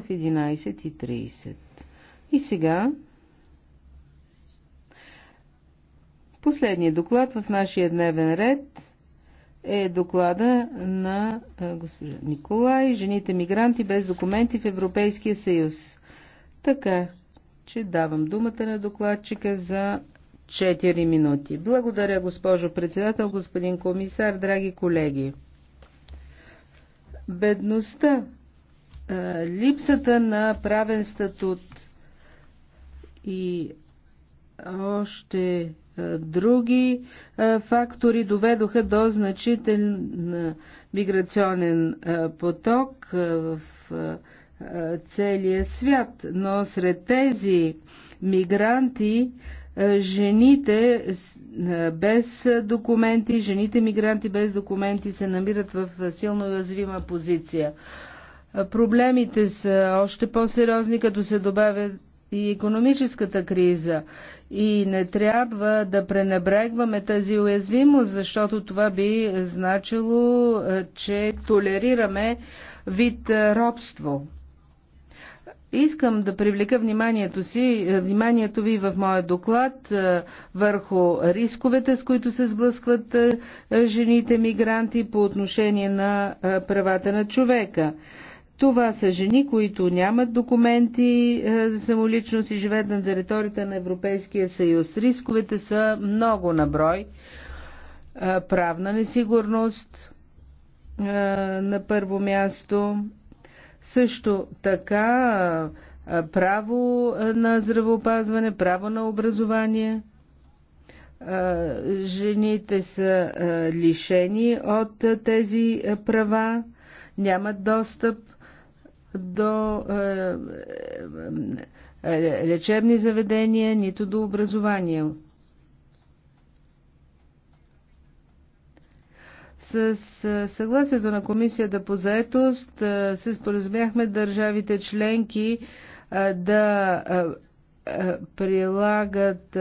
в 11.30. И сега последният доклад в нашия дневен ред е доклада на госпожа Николай «Жените мигранти без документи в Европейския съюз». Така, че давам думата на докладчика за 4 минути. Благодаря, госпожо председател, господин комисар, драги колеги. Бедността липсата на правен статут и още други фактори доведоха до значителен миграционен поток в целия свят. Но сред тези мигранти жените без документи, жените мигранти без документи се намират в силно уязвима позиция. Проблемите са още по-сериозни, като се добавя и економическата криза. И не трябва да пренебрегваме тази уязвимост, защото това би значило, че толерираме вид робство. Искам да привлека вниманието, си, вниманието ви в моя доклад върху рисковете, с които се сблъскват жените мигранти по отношение на правата на човека. Това са жени, които нямат документи е, за самоличност и живеят на територията на Европейския съюз. Рисковете са много на брой. Е, правна несигурност е, на първо място. Също така право на здравеопазване, право на образование. Жените са лишени от тези права, нямат достъп до е, е, е, лечебни заведения, нито до образование. С съгласието на комисията по заетост се споразумяхме държавите членки да прилагат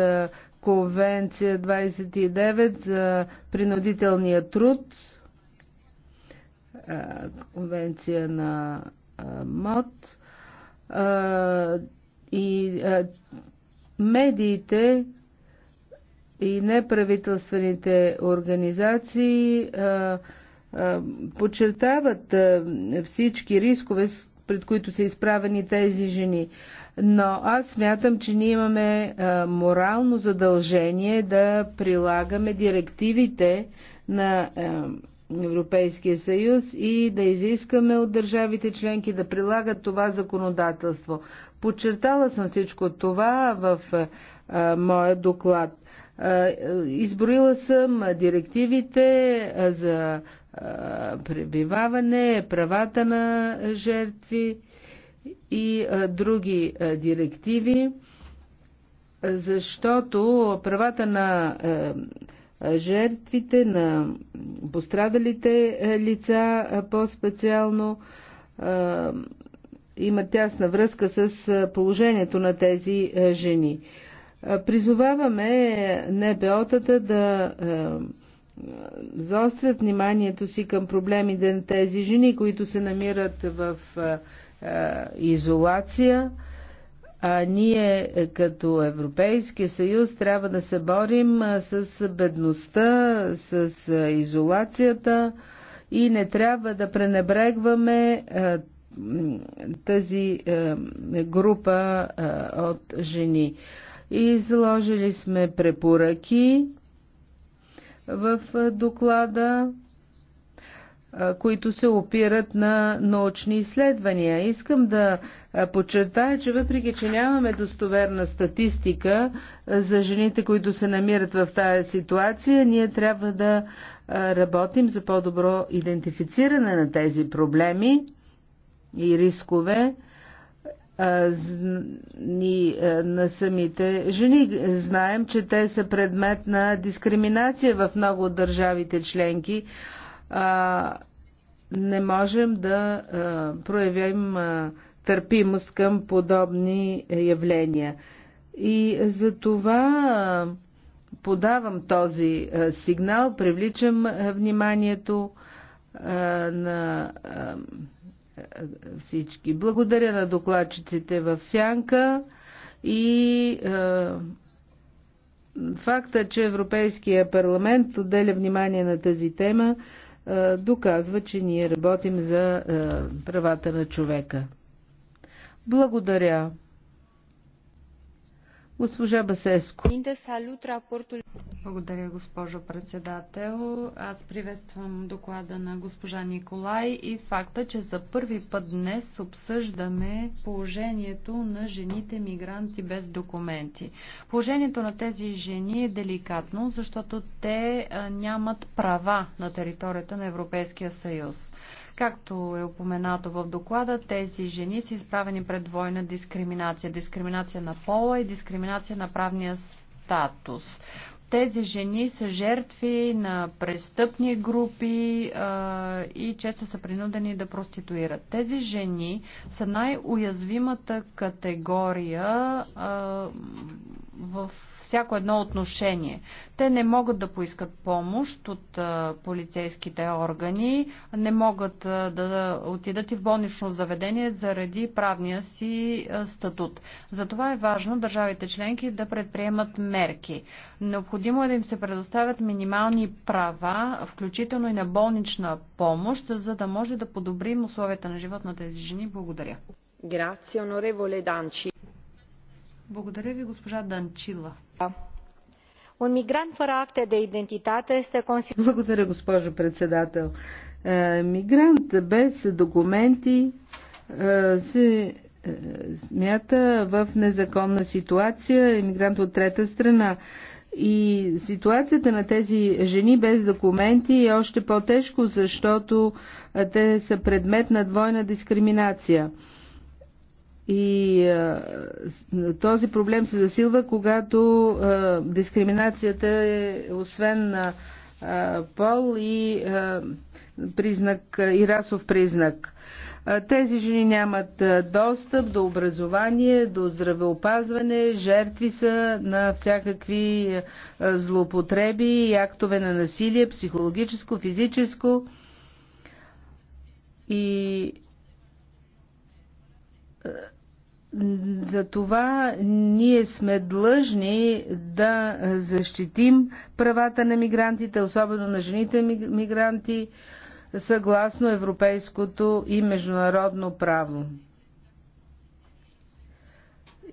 Конвенция 29 за принудителния труд, Конвенция на МОД и медиите и неправителствените организации подчертават всички рискове, пред които са изправени тези жени. Но аз смятам, че ние имаме морално задължение да прилагаме директивите на Европейския съюз и да изискаме от държавите членки да прилагат това законодателство. Подчертала съм всичко това в а, е, е, моя доклад. А, е, изброила съм директивите за а, пребиваване, правата на жертви и а, други а, директиви, защото правата на а, жертвите на пострадалите е, лица е, по-специално е, има тясна връзка с положението на тези жени. Призоваваме НПО-тата да заострят вниманието си към проблемите на тези жени, които се намират в изолация. А ние като Европейски съюз трябва да се борим с бедността, с изолацията и не трябва да пренебрегваме тази група от жени. Изложили сме препоръки в доклада които се опират на научни изследвания. Искам да подчертая, че въпреки, че нямаме достоверна статистика за жените, които се намират в тази ситуация, ние трябва да работим за по-добро идентифициране на тези проблеми и рискове ни, на самите жени. Знаем, че те са предмет на дискриминация в много от държавите членки не можем да проявим търпимост към подобни явления. И за това подавам този сигнал, привличам вниманието на всички. Благодаря на докладчиците в Сянка и факта, че Европейския парламент отделя внимание на тази тема, е, доказва, че ние работим за е, правата на човека. Благодаря. Госпожа Басеско. Благодаря, госпожо председател. Аз приветствам доклада на госпожа Николай и факта, че за първи път днес обсъждаме положението на жените мигранти без документи. Положението на тези жени е деликатно, защото те нямат права на територията на Европейския съюз. Както е упоменато в доклада, тези жени са изправени пред двойна дискриминация. Дискриминация на пола и дискриминация на правния статус тези жени са жертви на престъпни групи а, и често са принудени да проституират. Тези жени са най-уязвимата категория а, в всяко едно отношение. Те не могат да поискат помощ от полицейските органи, не могат да отидат и в болнично заведение заради правния си статут. Затова е важно държавите членки да предприемат мерки. Необходимо е да им се предоставят минимални права, включително и на болнична помощ, за да може да подобрим условията на живот на тези жени. Благодаря. Грация, благодаря ви, госпожа Данчила. Un migrant fără acte de identitate este considerat... Благодаря, госпожо председател. Е, мигрант без документи е, се е, смята в незаконна ситуация, емигрант от трета страна. И ситуацията на тези жени без документи е още по-тежко, защото те са предмет на двойна дискриминация. И а, е, този проблем се засилва, когато а, е, дискриминацията е освен на а, е, пол и а, признак и расов признак. А, тези жени нямат достъп до образование, до здравеопазване, жертви са на всякакви а, злоупотреби и актове на насилие, психологическо, физическо. И а, за това ние сме длъжни да защитим правата на мигрантите, особено на жените мигранти, съгласно европейското и международно право.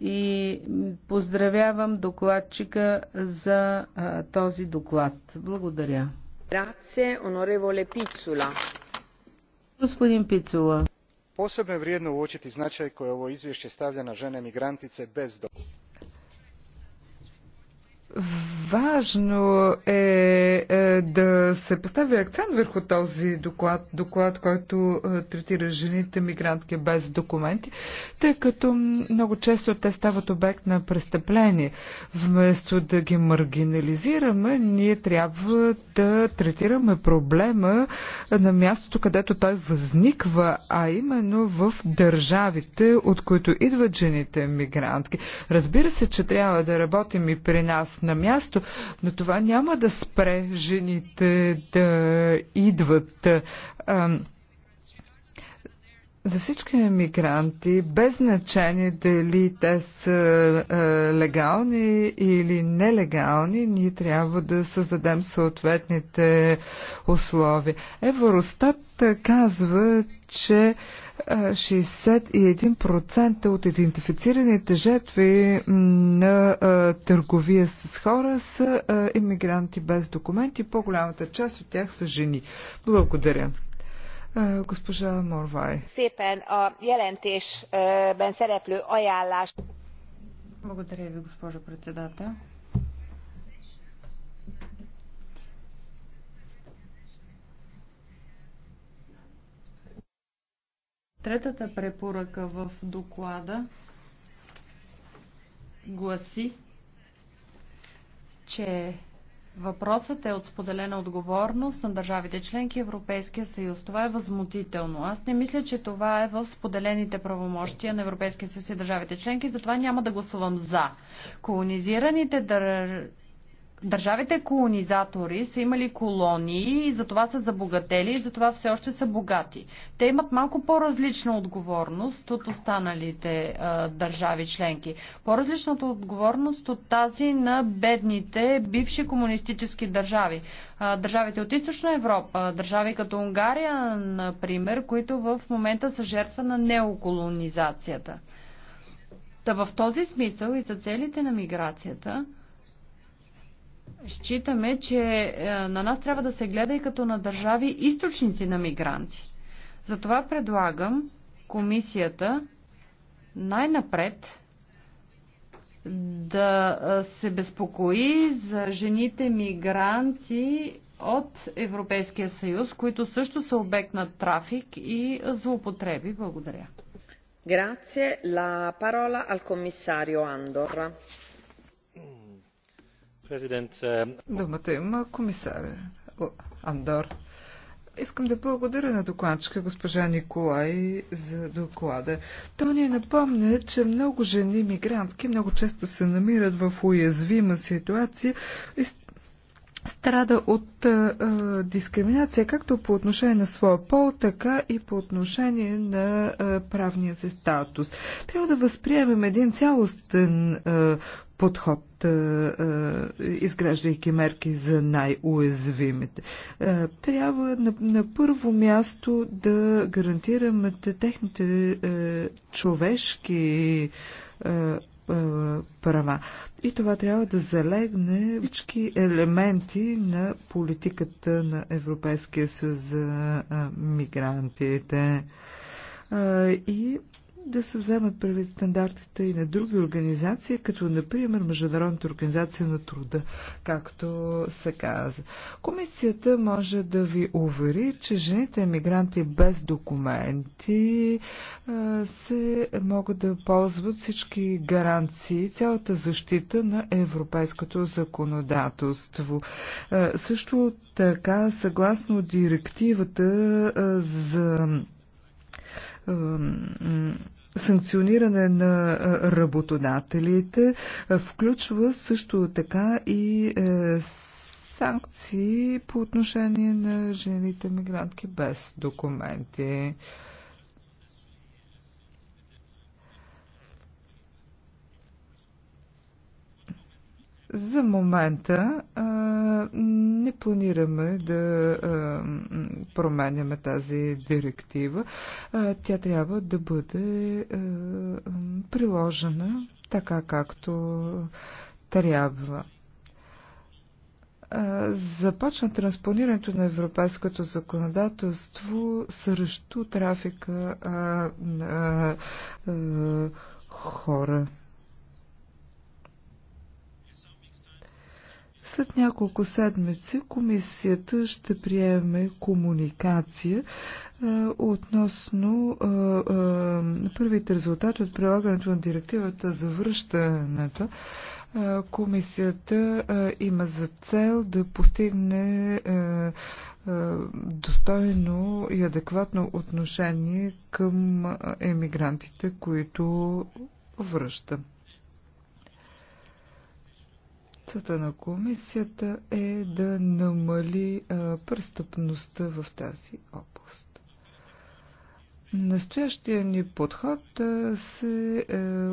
И поздравявам докладчика за а, този доклад. Благодаря. Grazie, onorevole Господин Пицула posebno je vrijedno uoiti znaaj koji ovo izvjee stavlja na ene migrantice bez. Важно е, е да се постави акцент върху този доклад, доклад, който е, третира жените мигрантки без документи, тъй като много често те стават обект на престъпление. Вместо да ги маргинализираме, ние трябва да третираме проблема на мястото, където той възниква, а именно в държавите, от които идват жените мигрантки. Разбира се, че трябва да работим и при нас на място, но това няма да спре жените да идват. А, за всички емигранти, без значение дали те са е, легални или нелегални, ние трябва да създадем съответните условия. Евростат казва, че 61% от идентифицираните жертви на търговия с хора са иммигранти без документи. По-голямата част от тях са жени. Благодаря. Госпожа Морвай. Благодаря ви, госпожо председател. Третата препоръка в доклада гласи, че въпросът е от споделена отговорност на държавите членки Европейския съюз. Това е възмутително. Аз не мисля, че това е в споделените правомощия на Европейския съюз и държавите членки, затова няма да гласувам за. Колонизираните дър... Държавите колонизатори са имали колонии и затова са забогатели и затова все още са богати. Те имат малко по-различна отговорност от останалите а, държави членки. По-различната отговорност от тази на бедните бивши комунистически държави. А, държавите от Източна Европа, държави като Унгария, например, които в момента са жертва на неоколонизацията. Та в този смисъл и за целите на миграцията Считаме, че е, на нас трябва да се гледа и като на държави източници на мигранти. Затова предлагам комисията най-напред да е, се безпокои за жените мигранти от Европейския съюз, които също са обект на трафик и е, злоупотреби. Благодаря. Грация. La parola al commissario Andor. Е, Думата има комисар Андор. Искам да благодаря на докладчика госпожа Николай за доклада. То ни напомня, че много жени мигрантки много често се намират в уязвима ситуация и страда от а, е, е, дискриминация както по отношение на своя пол, така и по отношение на а, е, правния си статус. Трябва да възприемем един цялостен а, подход, а, а, изграждайки мерки за най-уязвимите. трябва на, на първо място да гарантираме техните а, човешки а, е, права. И това трябва да залегне всички елементи на политиката на Европейския съюз за мигрантите. И да се вземат правит стандартите и на други организации, като например Международната организация на труда, както се каза. Комисията може да ви увери, че жените емигранти без документи се могат да ползват всички гаранции, цялата защита на европейското законодателство. Също така, съгласно директивата за санкциониране на работодателите включва също така и е, санкции по отношение на жените мигрантки без документи. За момента а, планираме да променяме тази директива. Тя трябва да бъде приложена така, както трябва започна транспонирането на европейското законодателство срещу трафика на хора. След няколко седмици комисията ще приеме комуникация е, относно е, е, първите резултати от прилагането на директивата за връщането. Комисията има за цел да постигне достойно и адекватно отношение към емигрантите, които връщат. Целта на комисията е да намали престъпността в тази област. Настоящия ни подход се е,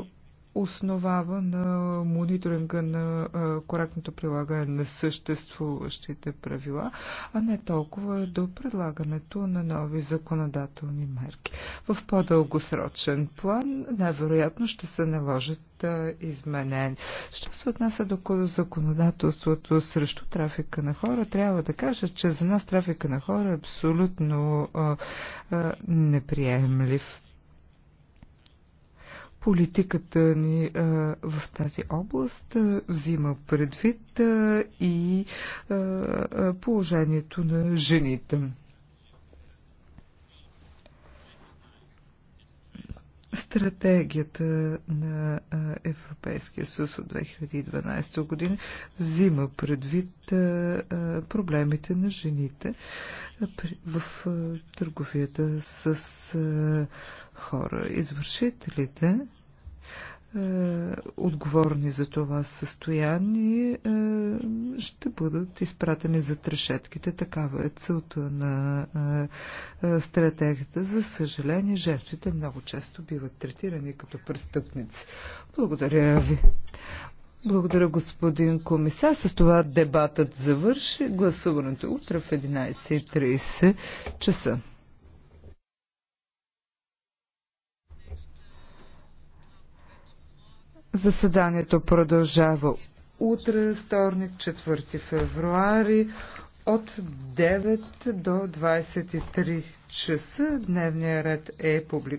основава на мониторинга на коректното прилагане на съществуващите правила, а не толкова до предлагането на нови законодателни мерки. В по-дългосрочен план най-вероятно ще се наложат изменени. Що се отнася до законодателството срещу трафика на хора, трябва да кажа, че за нас трафика на хора е абсолютно а, а, неприемлив Политиката ни а, в тази област а, взима предвид а, и а, положението на жените. стратегията на Европейския съюз от 2012 година взима предвид проблемите на жените в търговията с хора. Извършителите е, отговорни за това състояние, е, ще бъдат изпратени за трешетките. Такава е целта на е, стратегията. За съжаление, жертвите много често биват третирани като престъпници. Благодаря ви. Благодаря, господин комисар. С това дебатът завърши. Гласуването утре в 11.30 часа. Заседанието продължава утре, вторник, 4 февруари от 9 до 23 часа. Дневният ред е публикуван.